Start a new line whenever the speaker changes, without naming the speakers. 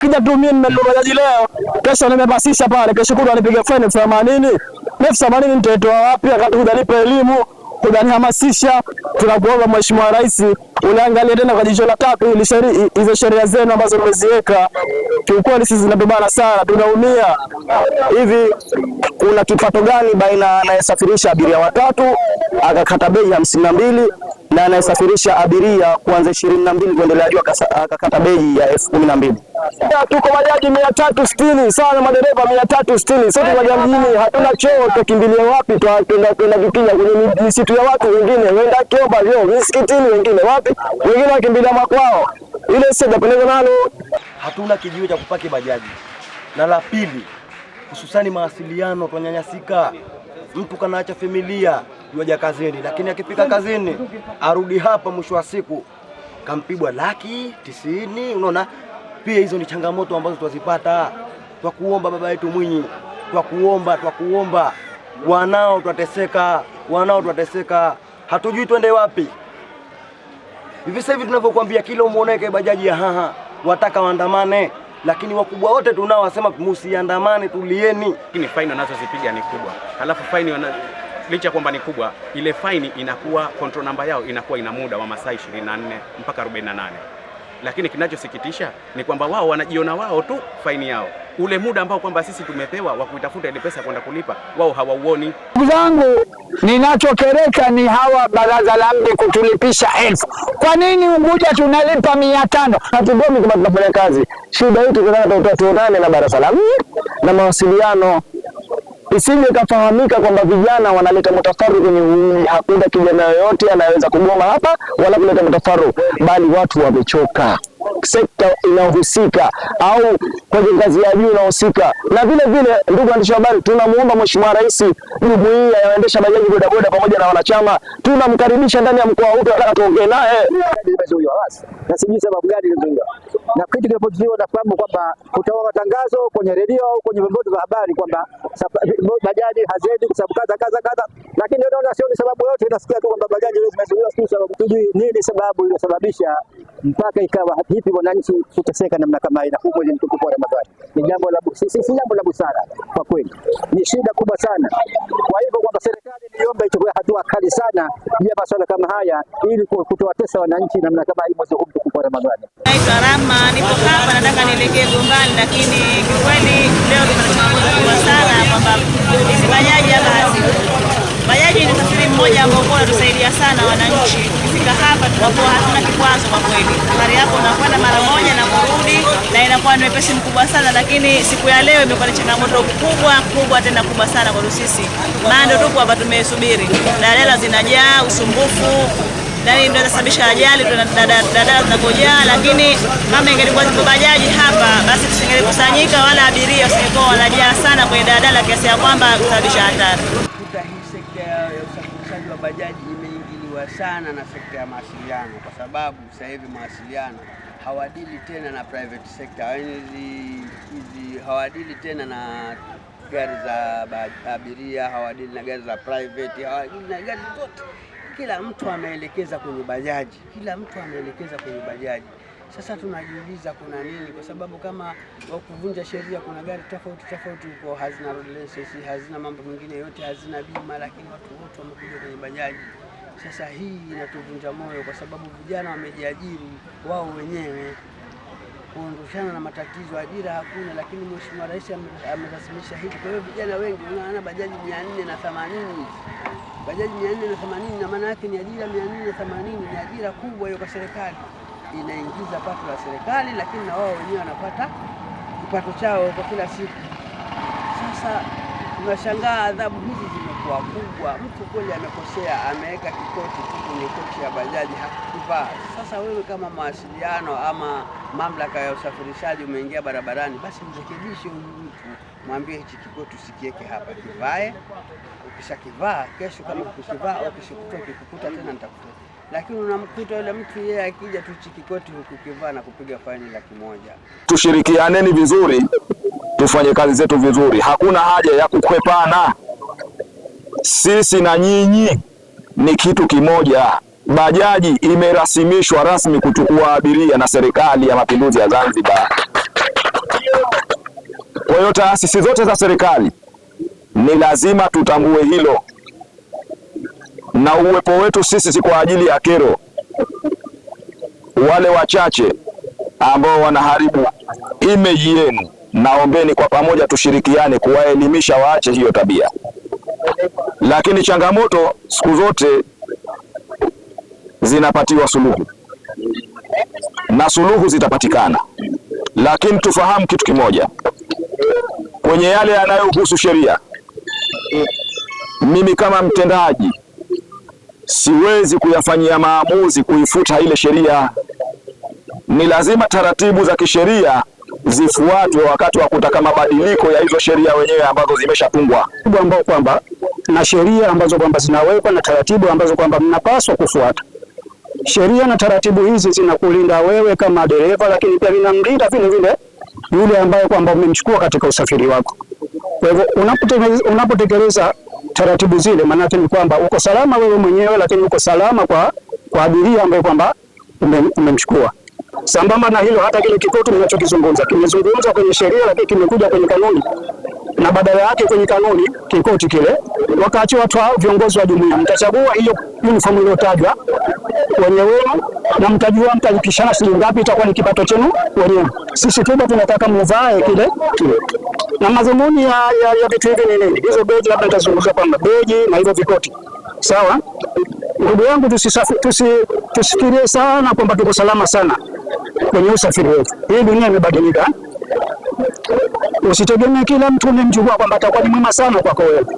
Kija tu mimi mmelumajaji leo, kesho nimebasisha pale, kesho kutwa nipige faini elfu themanini. Elfu themanini nitaitoa wapi? Akati kujanipa elimu, kujanihamasisha. Tunakuomba Mheshimiwa Rais uliangalia tena kwa jicho la tatu ili sheri, hizo sheria zenu ambazo mmeziweka kiukweli sisi zinatubana sana, tunaumia. Hivi kuna kipato gani baina anayesafirisha abiria watatu akakata bei hamsini na mbili na anayesafirisha abiria kuanza ishirini na mbili kuendelea juu akakata ah, bei ya elfu kumi na mbili. Tuko bajaji mia tatu sitini sawa na madereva mia tatu sitini sote kwa mjini, hatuna choo, tukimbilia wapi? Tuenda vipinya kwenye misitu ya watu, wengine wenda kiomba vyo misikitini, wengine wapi, wengine wakimbilia makwao. Ile japendeza nalo. Hatuna kijiwe cha kupaki bajaji, na la pili hususani mawasiliano, tunanyanyasika mtu kanaacha familia yuaja kazini, lakini akifika kazini arudi hapa, mwisho wa siku kampibwa laki tisini. Unaona, pia hizo ni changamoto ambazo twazipata. Twakuomba baba yetu Mwinyi, twakuomba, twakuomba, wanao twateseka, wanao twateseka, hatujui twende wapi. Hivi sasa hivi tunavyokuambia, kila umwoneke bajaji ya haha wataka waandamane lakini wakubwa wote tunao wasema musiandamane, tulieni.
Lakini faini wanazozipiga ni kubwa, halafu faini wana licha kwamba ni kubwa, ile faini inakuwa control namba yao inakuwa ina muda wa masaa 24 mpaka 48, lakini kinachosikitisha ni kwamba wao wanajiona wao tu faini yao ule muda ambao kwamba sisi tumepewa wa kuitafuta ile pesa kwenda kulipa, wao hawauoni.
Ndugu zangu, ninachokereka ni hawa baraza la mji kutulipisha elfu. Kwa nini Unguja tunalipa mia tano? Hatugomi kama tunafanya kazi, shida hii tunataka tuonane na baraza la mji na mawasiliano isije kafahamika kwamba vijana wanaleta mtafaru kwenye uumi. Hakuna kijana yoyote anaweza kugoma hapa wala kuleta mtafaru, bali watu wamechoka sekta inahusika au kwenye ngazi ya juu inahusika. Na vile vile, ndugu waandishi wa habari, tunamuomba Mheshimiwa Rais, jumuiya ya waendesha bajaji bodaboda pamoja na wanachama, tunamkaribisha ndani ya mkoa wetu, nataka tuongee naye
na sijui sababu gani na kitu kinapotuliwa nafahamu kwamba kutoa matangazo kwenye redio au kwenye vyombo vya habari kwamba bajaji hazedi kwa sababu kaza kaza kaza, lakini naona sio ni sababu yote. Nasikia tu kwamba bajaji zimezuiwa, sio sababu, tujui nini sababu iliyosababisha mpaka ikawa hivi vipi wananchi kuteseka namna kama ina huko mwezi mtukufu wa Ramadhani? Ni jambo la si si jambo la busara kwa kweli, ni shida kubwa sana. Kwa hivyo kwamba serikali niombe ichukue hatua kali sana juu ya masuala kama haya, ili kutowatesa wananchi namna kama hii mwezi huu mtukufu wa Ramadhani.
Naitwa Rama, nipo hapa nataka nielekee Gombani, lakini kiukweli leo tuna changamoto kubwa sana kwamba hizi bajaji hapa bajaji ni usafiri mmoja ambao unatusaidia sana wananchi kufika hapa tunakuwa hatuna kikwazo kwa kweli. Safari yako unakwenda mara moja na kurudi, na inakuwa ni wepesi mkubwa sana, lakini siku ya leo imekuwa ni changamoto kubwa kubwa tena kubwa sana kwa sisi. Mando tupo hapa tumesubiri, daladala zinajaa, usumbufu ndani ndio inasababisha ajali, daladala zinakojaa. Lakini kama ingelikuwa zipo bajaji hapa, basi tusingelikusanyika wala abiria wasingekuwa wanajaa sana kwenye daladala kiasi ya kwamba kusababisha hatari.
Hii sekta ya usafirishaji wa bajaji wamevutiwa sana na sekta ya mawasiliano, kwa sababu sasa hivi mawasiliano hawadili tena na private sector, yaani hawadili tena na gari za abiria, hawadili na gari za private, hawadili na gari zote. Kila mtu ameelekeza kwenye bajaji, kila mtu ameelekeza kwenye bajaji. Sasa tunajiuliza kuna nini? Kwa sababu kama kuvunja sheria, kuna gari tofauti tofauti huko hazina road license, hazina mambo mengine yote, hazina bima, lakini watu wote wamekuja kwenye bajaji. Sasa hii inatuvunja moyo kwa sababu vijana wamejiajiri wao wenyewe, kuondoshana na matatizo, ajira hakuna, lakini Mheshimiwa Rais amerasimisha hivi. Kwa hiyo vijana wengi unaona bajaji mia nne na themanini bajaji mia nne na themanini na maana yake ni ajira mia nne na themanini ni ajira kubwa hiyo kwa serikali, inaingiza pato la serikali, lakini na wao wenyewe wanapata kipato chao kwa kila siku. Sasa tunashangaa adhabu hizi kubwa kubwa. Mtu kweli amekosea, ameweka kikoti tu kwenye kochi ya bajaji hakukivaa. Sasa wewe kama mawasiliano ama mamlaka ya usafirishaji umeingia barabarani, basi mrekebishe huyu mtu, mwambie hichi kikoti usikieke hapa, kivae. Ukishakivaa kesho, kama ukikivaa au kishikuta ukikukuta tena nitakuta, lakini unamkuta yule mtu yeye akija tu hichi kikoti hukukivaa na kupiga faini laki moja.
Tushirikianeni vizuri, tufanye kazi zetu vizuri, hakuna haja ya kukwepana sisi na nyinyi ni kitu kimoja. Bajaji imerasimishwa rasmi kuchukua abiria na Serikali ya Mapinduzi ya Zanzibar. Kwa hiyo taasisi zote za serikali ni lazima tutambue hilo, na uwepo wetu sisi si kwa ajili ya kero. Wale wachache ambao wanaharibu imeji yenu, naombeni kwa pamoja tushirikiane kuwaelimisha waache hiyo tabia lakini changamoto siku zote zinapatiwa suluhu na suluhu zitapatikana, lakini tufahamu kitu kimoja kwenye yale yanayohusu sheria. Mimi kama mtendaji siwezi kuyafanyia maamuzi kuifuta ile sheria. Ni lazima taratibu za kisheria zifuatwe wakati wa kutaka mabadiliko ya hizo sheria wenyewe ambazo zimeshatungwa, ambao kwamba na sheria ambazo kwamba zinawekwa na taratibu ambazo kwamba mnapaswa kufuata. Sheria na taratibu hizi zinakulinda wewe kama dereva, lakini pia vinamlinda vile vile yule ambaye kwamba umemchukua katika usafiri wako. Kwa hivyo unapotekeleza taratibu zile, maana yake ni kwamba uko salama wewe mwenyewe, lakini uko salama kwa, kwa abiria ambaye kwamba umemchukua. Sambamba na hilo, hata kile kikotu ninachokizungumza kimezungumza kwenye sheria, lakini kimekuja kwenye kanuni na badala yake kwenye kanuni kikoti kile wakaachiwa watu hao viongozi wa jumuiya, mtachagua hiyo uniform iliyotajwa wenye wenu na mtajua mtalipishana shilingi ngapi, itakuwa ni kipato chenu wenyewe. Sisi tupo tunataka mvae kile kile, na madhumuni ya ya vitu hivi ni nini? Hizo beji, labda nitazungumzia kwamba beji na hivyo vikoti. Sawa ndugu yangu, tusifikirie sana kwamba tuko salama sana kwenye usafiri wetu. Hii dunia imebadilika. Usitegemee kila mtu unemchukua kwamba atakuwa ni mwema sana kwako wewe.